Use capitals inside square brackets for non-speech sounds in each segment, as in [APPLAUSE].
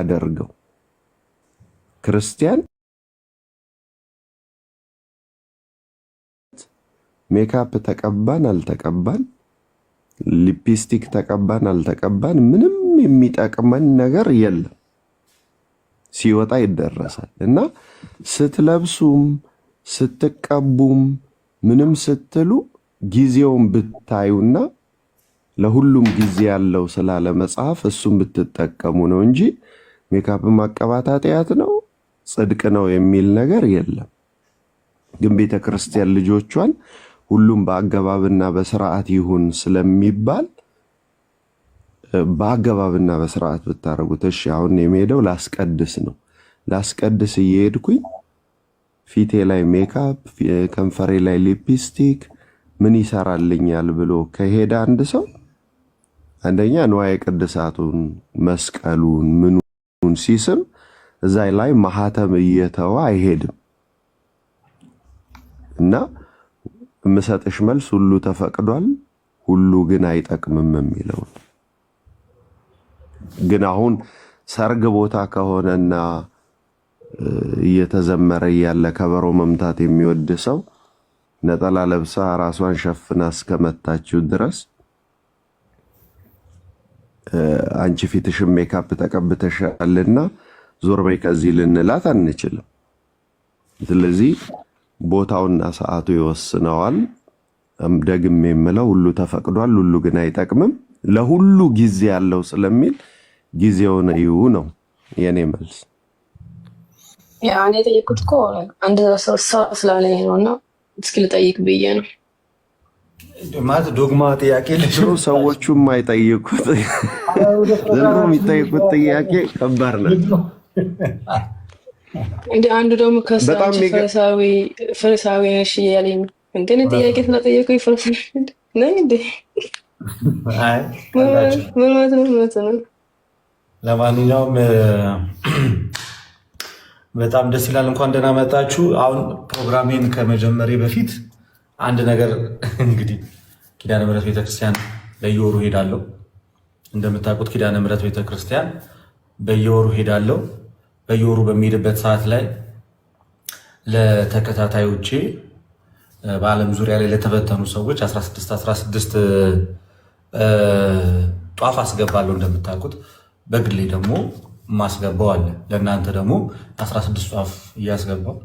አደርገው። ክርስቲያን ሜካፕ ተቀባን አልተቀባን፣ ሊፕስቲክ ተቀባን አልተቀባን፣ ምንም የሚጠቅመን ነገር የለም። ሲወጣ ይደረሳል እና ስትለብሱም ስትቀቡም ምንም ስትሉ ጊዜውን ብታዩና ለሁሉም ጊዜ ያለው ስላለ መጽሐፍ እሱም ብትጠቀሙ ነው እንጂ ሜካፕ ማቀባት ኃጢአት ነው ጽድቅ ነው የሚል ነገር የለም። ግን ቤተ ክርስቲያን ልጆቿን ሁሉም በአገባብና በስርዓት ይሁን ስለሚባል በአገባብና በስርዓት ብታደረጉት። እሺ። አሁን የሚሄደው ላስቀድስ ነው። ላስቀድስ እየሄድኩኝ ፊቴ ላይ ሜካፕ፣ ከንፈሬ ላይ ሊፕስቲክ ምን ይሰራልኛል ብሎ ከሄደ አንድ ሰው አንደኛ ንዋየ ቅድሳቱን መስቀሉን ምኑ ሲስም እዛ ላይ ማህተም እየተዋ አይሄድም እና የምሰጥሽ መልስ ሁሉ ተፈቅዷል፣ ሁሉ ግን አይጠቅምም የሚለውን ግን አሁን ሰርግ ቦታ ከሆነና እየተዘመረ እያለ ከበሮ መምታት የሚወድ ሰው ነጠላ ለብሳ ራሷን ሸፍና እስከመታችው ድረስ አንቺ ፊትሽን ሜካፕ ተቀብተሻልና ዞር በይ ከዚህ ልንላት አንችልም። ስለዚህ ቦታውና ሰዓቱ ይወስነዋል። ደግሜ የምለው ሁሉ ተፈቅዷል፣ ሁሉ ግን አይጠቅምም። ለሁሉ ጊዜ ያለው ስለሚል ጊዜውን እዩ ነው የኔ መልስ። ያው እኔ የጠየኩት እኮ አንድ ሰው ስላለ ነው እና እስኪ ልጠይቅ ብዬ ነው። ማለት ዶግማ ጥያቄ ድሮ ሰዎቹ የማይጠይቁት ዘንድሮ የሚጠይቁት ጥያቄ ከባድ ነው። እንደ አንዱ ደግሞ ከሳች ፈሪሳዊ ነሽ እያለኝ እንደ ጥያቄ ስለጠየቁኝ ፈሪሳዊ ነኝ እንደ ምን ማለት ነው? እውነት ነው። ለማንኛውም በጣም ደስ ይላል። እንኳን ደህና መጣችሁ። አሁን ፕሮግራሜን ከመጀመሪ በፊት አንድ ነገር [LAUGHS] እንግዲህ ኪዳነ ምሕረት ቤተክርስቲያን በየወሩ ሄዳለሁ። እንደምታውቁት ኪዳነ ምሕረት ቤተክርስቲያን በየወሩ ሄዳለሁ። በየወሩ በሚሄድበት ሰዓት ላይ ለተከታታዮቼ በዓለም ዙሪያ ላይ ለተበተኑ ሰዎች 16 16 ጧፍ አስገባለሁ። እንደምታውቁት በግሌ ደግሞ ማስገባው አለ። ለእናንተ ደግሞ 16 ጧፍ እያስገባው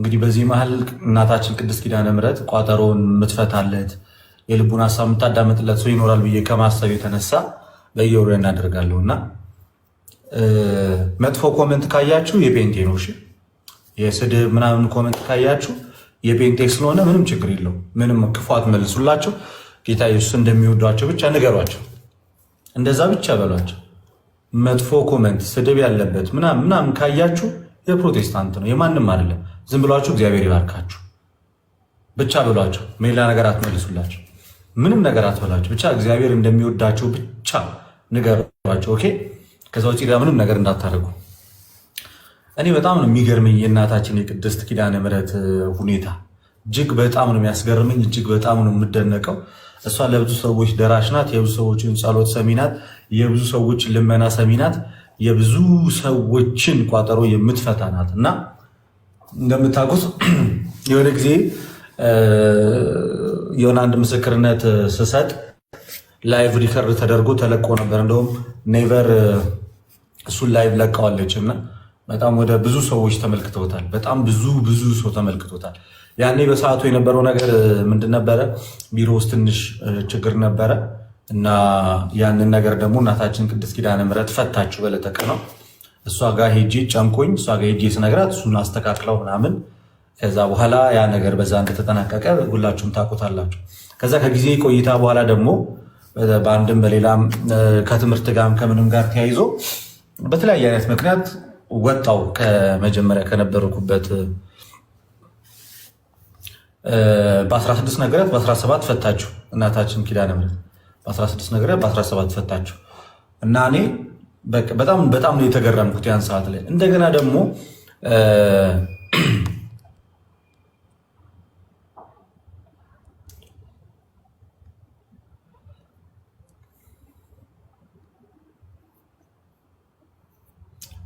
እንግዲህ በዚህ መሀል እናታችን ቅድስት ኪዳነ ምሕረት ቋጠሮውን የምትፈታለት የልቡን ሀሳብ የምታዳመጥለት ሰው ይኖራል ብዬ ከማሰብ የተነሳ በየወሩ እናደርጋለሁ እና መጥፎ ኮመንት ካያችሁ የጴንቴ ነው። እሺ የስድብ ምናምን ኮመንት ካያችሁ የጴንቴ ስለሆነ ምንም ችግር የለው። ምንም ክፉ አትመልሱላቸው። ጌታ ኢየሱስ እንደሚወዷቸው ብቻ ንገሯቸው። እንደዛ ብቻ በሏቸው። መጥፎ ኮመንት፣ ስድብ ያለበት ምናምን ምናምን ካያችሁ የፕሮቴስታንት ነው፣ የማንም አይደለም። ዝም ብሏችሁ እግዚአብሔር ይባርካችሁ ብቻ ብሏቸው ሌላ ነገር አትመልሱላቸው። ምንም ነገር አትበላቸው። ብቻ እግዚአብሔር እንደሚወዳቸው ብቻ ንገሯቸው። ኦኬ። ከዛ ውጭ ምንም ነገር እንዳታደርጉ። እኔ በጣም ነው የሚገርመኝ የእናታችን የቅድስት ኪዳነ ምሕረት ሁኔታ እጅግ በጣም ነው የሚያስገርመኝ። እጅግ በጣም ነው የምደነቀው። እሷ ለብዙ ሰዎች ደራሽ ናት። የብዙ ሰዎችን ጸሎት ሰሚ ናት። የብዙ ሰዎች ልመና ሰሚ ናት። የብዙ ሰዎችን ቋጠሮ የምትፈታ ናት እና እንደምታውቁት [CLEARS THROAT] የሆነ ጊዜ የሆነ አንድ ምስክርነት ስሰጥ ላይቭ ሪከርድ ተደርጎ ተለቆ ነበር። እንደውም ኔቨር እሱን ላይቭ ለቀዋለች እና በጣም ወደ ብዙ ሰዎች ተመልክተውታል። በጣም ብዙ ብዙ ሰው ተመልክቶታል። ያኔ በሰዓቱ የነበረው ነገር ምንድን ነበረ? ቢሮ ውስጥ ትንሽ ችግር ነበረ። እና ያንን ነገር ደግሞ እናታችን ቅድስት ኪዳነ ምሕረት ፈታችሁ በለተቀ ነው። እሷ ጋር ሄጄ ጨንቆኝ እሷ ጋር ሄጄ ስነግራት እሱን አስተካክለው ምናምን ከዛ በኋላ ያ ነገር በዛ እንደተጠናቀቀ ሁላችሁም ታውቁታላችሁ። ከዛ ከጊዜ ቆይታ በኋላ ደግሞ በአንድም በሌላም ከትምህርት ጋርም ከምንም ጋር ተያይዞ በተለያየ አይነት ምክንያት ወጣው ከመጀመሪያ ከነበርኩበት በ16 ነገራት በ17 ፈታችሁ እናታችን ኪዳነ ምሕረት በ16 ነገር በ17 ፈታቸው እና እኔ በጣም በጣም ነው የተገረምኩት ያን ሰዓት ላይ። እንደገና ደግሞ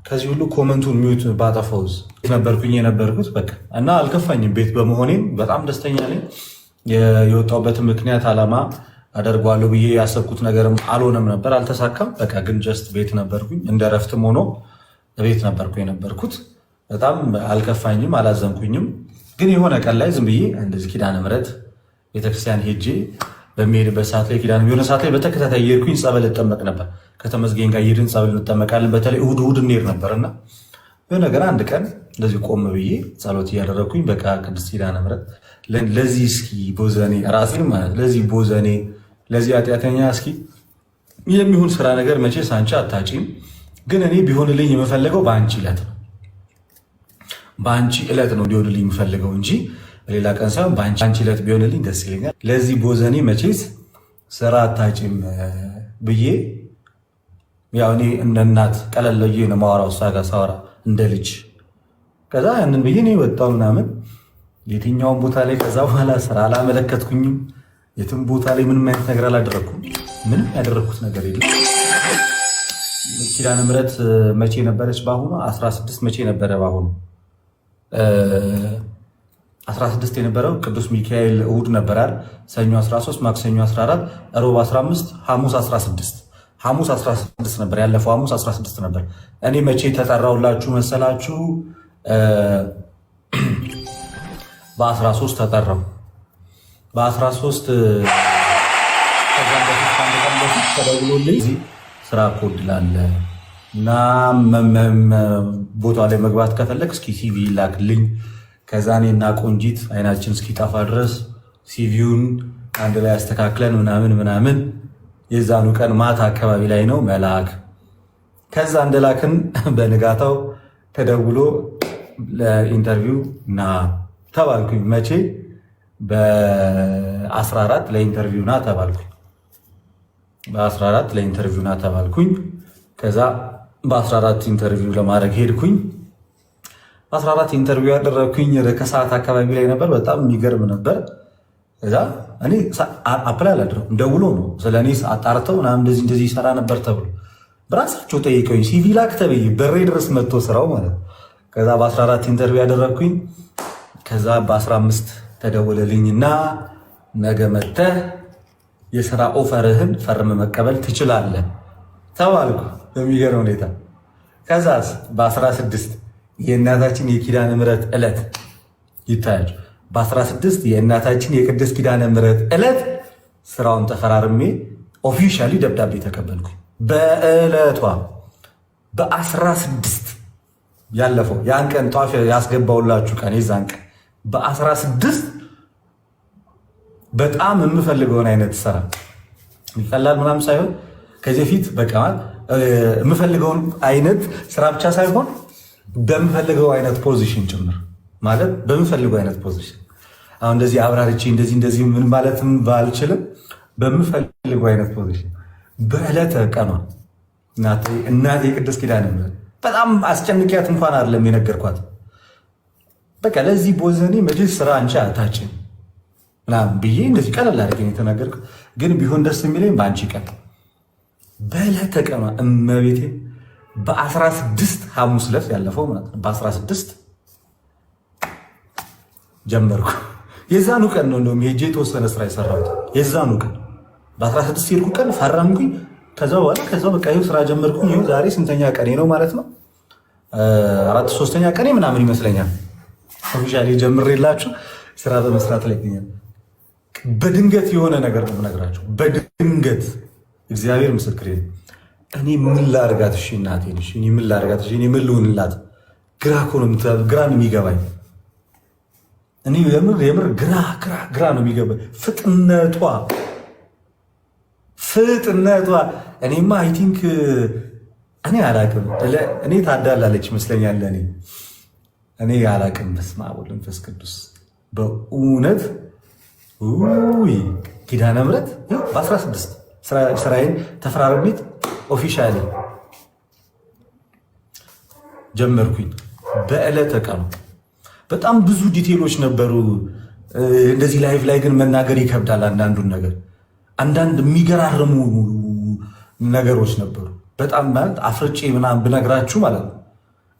ከዚህ ሁሉ ኮመንቱን ሚዩት ባጠፈውዝ ነበርኩኝ የነበርኩት በቃ እና አልከፋኝም። ቤት በመሆኔም በጣም ደስተኛ ነኝ። የወጣሁበትን ምክንያት አላማ አደርጓለሁ ብዬ ያሰብኩት ነገርም አልሆነም ነበር፣ አልተሳካም። በቃ ግን ጀስት ቤት ነበርኩኝ፣ እንደ ረፍትም ሆኖ ቤት ነበርኩ የነበርኩት። በጣም አልከፋኝም፣ አላዘንኩኝም። ግን የሆነ ቀን ላይ ዝም ብዬ እንደዚህ ኪዳነ ምሕረት ቤተክርስቲያን ሄጄ በሚሄድበት ሰዓት ላይ ኪዳነ የሆነ ሰዓት ላይ በተከታታይ እየሄድኩኝ ጸበል እጠመቅ ነበር። ከተመስገን ጋር እየሄድን ጸበል እንጠመቃለን። በተለይ እሑድ እሑድ እንሄድ እና የሆነ ነገር አንድ ቀን እንደዚህ ቆም ብዬ ጸሎት እያደረግኩኝ በቃ ቅድስት ኪዳነ ምሕረት ለዚህ እስኪ ቦዘኔ ራሴ ማለት ለዚህ ቦዘኔ ለዚህ ኃጢአተኛ እስኪ የሚሆን ስራ ነገር መቼ አንቺ አታጪም፣ ግን እኔ ቢሆንልኝ የምፈልገው በአንቺ ዕለት ነው። በአንቺ ዕለት ነው ሊሆንልኝ የምፈልገው እንጂ በሌላ ቀን ሳይሆን በአንቺ ዕለት ቢሆንልኝ ደስ ይለኛል። ለዚህ ቦዘኔ መቼስ ስራ አታጪም ብዬ ያው እኔ እንደ እናት ቀለል ብዬ ነው የማወራው እሷ ጋር ሳወራ እንደ ልጅ ከዛ ያንን ብዬ እኔ ወጣሁ ምናምን የትኛውን ቦታ ላይ ከዛ በኋላ ስራ አላመለከትኩኝም። የትም ቦታ ላይ ምንም አይነት ነገር አላደረግኩም። ምንም ያደረግኩት ነገር የለም። ኪዳነ ምሕረት መቼ ነበረች? በአሁኑ 16 መቼ ነበረ? በአሁኑ 16 የነበረው ቅዱስ ሚካኤል እሁድ ነበራል። ሰኞ 13፣ ማክሰኞ 14፣ ሮብ 15፣ ሐሙስ 16 ሐሙስ 16 ነበር። ያለፈው ሐሙስ 16 ነበር። እኔ መቼ ተጠራውላችሁ መሰላችሁ? [CLEARS THROAT] በ13 ተጠራው በ13 አንድ ቀን በፊት ተደውሎልኝ እዚህ ስራ ኮድ ላለ እና ቦታ ላይ መግባት ከፈለግ እስኪ ሲቪ ላክልኝ፣ ከዛ እና ቆንጂት አይናችን እስኪጠፋ ድረስ ሲቪውን አንድ ላይ አስተካክለን ምናምን ምናምን የዛኑ ቀን ማታ አካባቢ ላይ ነው መላክ። ከዛ እንደላክን [LAUGHS] በንጋታው ተደውሎ ለኢንተርቪው ና ተባልኩኝ። መቼ በ14 ለኢንተርቪው ና ተባልኩኝ። በ14 ለኢንተርቪው ና ተባልኩኝ። ከዛ በ14 ኢንተርቪው ለማድረግ ሄድኩኝ። 14 ኢንተርቪው ያደረግኩኝ ከሰዓት አካባቢ ላይ ነበር። በጣም የሚገርም ነበር። ከዛ እኔ አፕላይ አላደረኩም። ደውሎ ነው ስለ እኔ አጣርተው ምናምን እንደዚህ እንደዚህ ይሰራ ነበር ተብሎ በራሳቸው ጠይቀኝ ሲቪ ላክ ተብዬ በሬ ድረስ መጥቶ ስራው ማለት ከዛ በ14 ኢንተርቪው ያደረግኩኝ ከዛ በ15 ተደወለልኝና ነገ መጥተህ የስራ ኦፈርህን ፈርም መቀበል ትችላለህ ተባልኩ። በሚገርም ሁኔታ ከዛስ በ16 የእናታችን የኪዳነ ምሕረት ዕለት ይታያል። በ16 የእናታችን የቅድስት ኪዳነ ምሕረት ዕለት ስራውን ተፈራርሜ ኦፊሻሊ ደብዳቤ ተቀበልኩ። በዕለቷ በ16 ያለፈው ያን ቀን ጧፍ ያስገባውላችሁ ቀን የዛን ቀን በአስራ ስድስት በጣም የምፈልገውን አይነት ስራ ይቀላል ምናም ሳይሆን ከዚህ ፊት በቃ የምፈልገውን አይነት ስራ ብቻ ሳይሆን በምፈልገው አይነት ፖዚሽን ጭምር ማለት በምፈልገው አይነት ፖዚሽን አሁን እንደዚህ አብራርቼ እንደዚህ እንደዚህ ምን ማለትም ባልችልም በምፈልገው አይነት ፖዚሽን በዕለተ ቀኗ እናቴ ቅድስት ኪዳነ ምሕረት በጣም አስጨንቂያት እንኳን አይደለም የነገርኳት በቃ ለዚህ ቦዘኔ መቼ ስራ አንቺ አታጭም ምናምን ብዬ እንደዚህ ቀለል አድርጌ የተናገርኩት፣ ግን ቢሆን ደስ የሚለኝ በአንቺ ቀን በዕለተ ተቀማ እመቤቴ በ16 ሐሙስ ዕለት ያለፈው ማለት ነው። በ16 ጀመርኩ። የዛኑ ቀን ነው እንደውም ሄጄ የተወሰነ ስራ የሰራሁት የዛኑ ቀን በ16 ሄድኩ ቀን ፈረምኩኝ። ከዛ በኋላ ከዛ በቃ ይኸው ስራ ጀመርኩኝ። ይኸው ዛሬ ስንተኛ ቀኔ ነው ማለት ነው? አራት ሶስተኛ ቀኔ ምናምን ይመስለኛል። ኦፊሻሊ ጀምሬላችሁ ስራ በመስራት ላይ ይገኛል። በድንገት የሆነ ነገር ነው የምነግራችሁ። በድንገት እግዚአብሔር ምስክሬ፣ እኔ ምን ላድርጋት? እሺ እናቴን፣ እሺ እኔ ምን ላድርጋት? እሺ እኔ ምን ልሆንላት? ግራ እኮ ነው ግራ ነው የሚገባኝ። እኔ የምር የምር ግራ ግራ ግራ ነው የሚገባኝ። ፍጥነቷ ፍጥነቷ እኔማ አይ ቲንክ እኔ አላቅም። እኔ ታዳላለች ይመስለኛል እኔ እኔ ያላቅም። በስመ አብ ወመንፈስ ቅዱስ በእውነት ውይ ኪዳነ ምሕረት በ16 ስራዬን ተፈራርሚት ኦፊሻሊ ጀመርኩኝ። በዕለተ ቀኑ በጣም ብዙ ዲቴሎች ነበሩ። እንደዚህ ላይቭ ላይ ግን መናገር ይከብዳል። አንዳንዱን ነገር አንዳንድ የሚገራርሙ ነገሮች ነበሩ። በጣም ማለት አፍርጬ ምናምን ብነግራችሁ ማለት ነው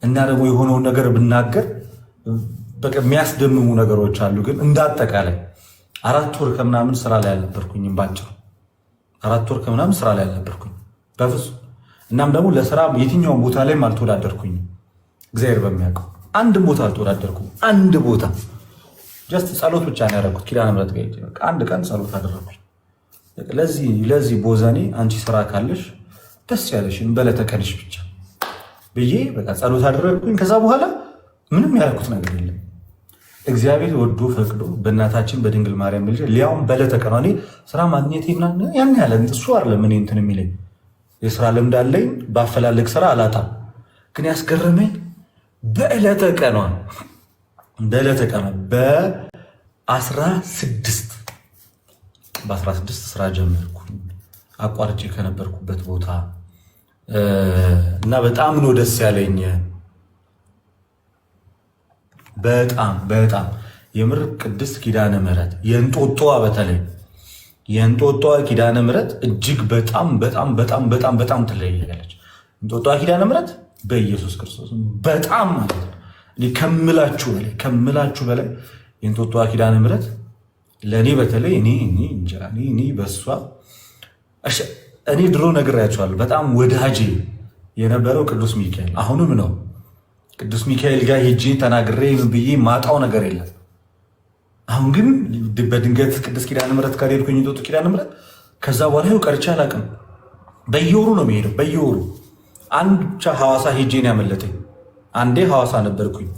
እና ደግሞ የሆነውን ነገር ብናገር የሚያስደምሙ ነገሮች አሉ። ግን እንዳጠቃላይ አራት ወር ከምናምን ስራ ላይ አልነበርኩኝም። ባጭሩ አራት ወር ከምናምን ስራ ላይ አልነበርኩኝ በፍጹም። እናም ደግሞ ለስራ የትኛውን ቦታ ላይም አልተወዳደርኩኝም። እግዚአብሔር በሚያውቀው አንድ ቦታ አልተወዳደርኩም። አንድ ቦታ ጀስት ጸሎት ብቻ ነው ያደረኩት። ኪዳነ ምሕረት ጋር አንድ ቀን ጸሎት አደረኩኝ። ለዚህ ለዚህ ቦዘኔ አንቺ ስራ ካለሽ ደስ ያለሽን በለተቀንሽ ብቻ ብዬ በቃ ጸሎት አደረግኩኝ። ከዛ በኋላ ምንም ያደረኩት ነገር የለም። እግዚአብሔር ወዶ ፈቅዶ በእናታችን በድንግል ማርያም ልጅ ሊያውም በዕለተ ቀኗ እኔ ስራ ማግኘት ያን ያለ እሱ አለ ምን እንትን የሚለኝ የስራ ልምድ አለኝ። በአፈላለግ ስራ አላጣም። ግን ያስገረመኝ በዕለተ ቀኗ በዕለተ ቀኗ በአስራ ስድስት በአስራ ስድስት ስራ ጀመርኩ አቋርጬ ከነበርኩበት ቦታ እና በጣም ነው ደስ ያለኝ። በጣም በጣም የምር ቅድስት ኪዳነ ምሕረት የእንጦጦዋ በተለይ የእንጦጦዋ ኪዳነ ምሕረት እጅግ በጣም በጣም በጣም በጣም በጣም ትለያለች። እንጦጦዋ ኪዳነ ምሕረት በኢየሱስ ክርስቶስ በጣም ማለት ነው ከምላችሁ በላይ ከምላችሁ በላይ የእንጦጦዋ ኪዳነ ምሕረት ለእኔ በተለይ እኔ እኔ እኔ በሷ እኔ ድሮ ነግሬያቸዋለሁ በጣም ወዳጄ የነበረው ቅዱስ ሚካኤል አሁንም ነው። ቅዱስ ሚካኤል ጋር ሄጂ ተናግሬ ብዬ ማጣው ነገር የለም። አሁን ግን በድንገት ቅዱስ ኪዳነ ምሕረት ጋር ሄድኩኝ፣ ጦጡ ኪዳነ ምሕረት። ከዛ በኋላ ይኸው ቀርቼ አላውቅም። በየወሩ ነው የሚሄደው፣ በየወሩ አንድ ብቻ ሐዋሳ ሄጄ ነው ያመለጠኝ። አንዴ ሐዋሳ ነበርኩኝ።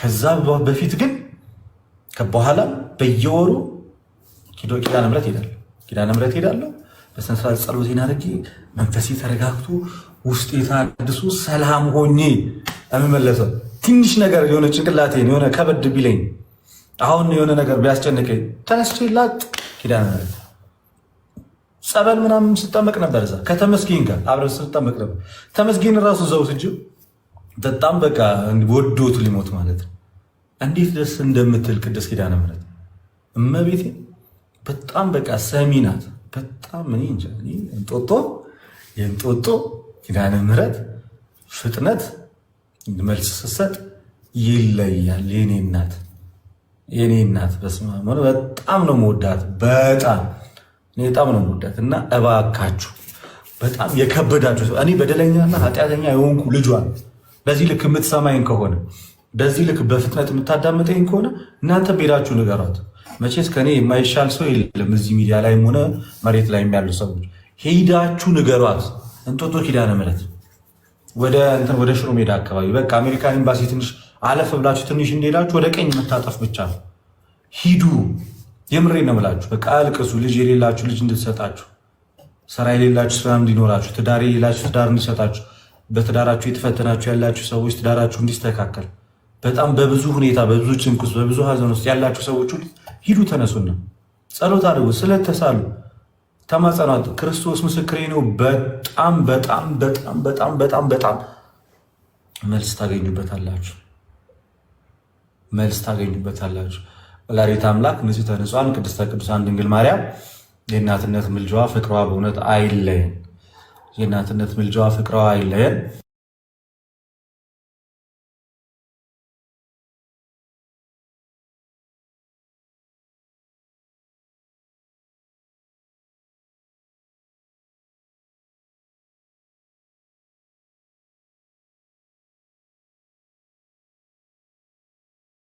ከዛ በፊት ግን በኋላ በየወሩ ኪዳነ ምሕረት ሄዳለሁ፣ ኪዳነ ምሕረት ሄዳለሁ። በስነ ስርዓት ጸሎቴን አድርጌ መንፈሴ ተረጋግቶ ውስጥ የታድሱ ሰላም ሆኜ የምመለሰው ትንሽ ነገር የሆነ ጭንቅላቴን የሆነ ከበድ ቢለኝ አሁን የሆነ ነገር ቢያስጨንቀኝ ተነስቼ ላጥ ኪዳነ ምሕረት ጸበል ምናምን ስጠመቅ ነበር። እዛ ከተመስጊን ጋር አብረን ስጠመቅ ነበር። ተመስጊን ራሱ ዘውት ስጅ በጣም በቃ ወዶት ሊሞት ማለት ነው። እንዴት ደስ እንደምትል ቅድስት ኪዳነ ምሕረት እመቤቴ በጣም በቃ ሰሚ በጣም እኔ እንጃ እንጦጦ የእንጦጦ ኪዳነ ምሕረት ፍጥነት መልስ ስሰጥ ይለያል። የኔ እናት የኔ እናት በስመ አብ በጣም ነው መወዳት፣ በጣም በጣም ነው መወዳት። እና እባካችሁ በጣም የከበዳችሁ እኔ በደለኛና ኃጢአተኛ የሆንኩ ልጇን በዚህ ልክ የምትሰማኝ ከሆነ በዚህ ልክ በፍጥነት የምታዳምጠኝ ከሆነ እናንተ ሄዳችሁ ንገሯት። መቼስ ከኔ የማይሻል ሰው የለም እዚህ ሚዲያ ላይም ሆነ መሬት ላይ ያሉ ሰዎች ሄዳችሁ ንገሯት። እንጦጦ ኪዳነ ምሕረት ወደ እንትን ወደ ሽሮ ሜዳ አካባቢ በቃ አሜሪካን ኤምባሲ ትንሽ አለፍ ብላችሁ ትንሽ እንደሄዳችሁ ወደ ቀኝ መታጠፍ ብቻ ነው። ሂዱ። የምሬ ነው ብላችሁ በቃ አልቅሱ። ልጅ የሌላችሁ ልጅ እንድትሰጣችሁ፣ ስራ የሌላችሁ ስራ እንዲኖራችሁ፣ ትዳር የሌላችሁ ትዳር እንዲሰጣችሁ፣ በትዳራችሁ የተፈተናችሁ ያላችሁ ሰዎች ትዳራችሁ እንዲስተካከል፣ በጣም በብዙ ሁኔታ በብዙ ጭንቅ ውስጥ በብዙ ሀዘን ውስጥ ያላችሁ ሰዎች ሂዱ፣ ተነሱና ጸሎት አድርጉ። ስለተሳሉ ተማጸናት። ክርስቶስ ምስክሬ ነው። በጣም በጣም በጣም በጣም በጣም በጣም መልስ ታገኙበታላችሁ፣ መልስ ታገኙበታላችሁ። ወላዲተ አምላክ ንጽሕተ ንጹሐን ቅድስተ ቅዱሳን ድንግል ማርያም የእናትነት ምልጃዋ ፍቅሯ በእውነት አይለየን። የእናትነት ምልጃዋ ፍቅሯ አይለየን።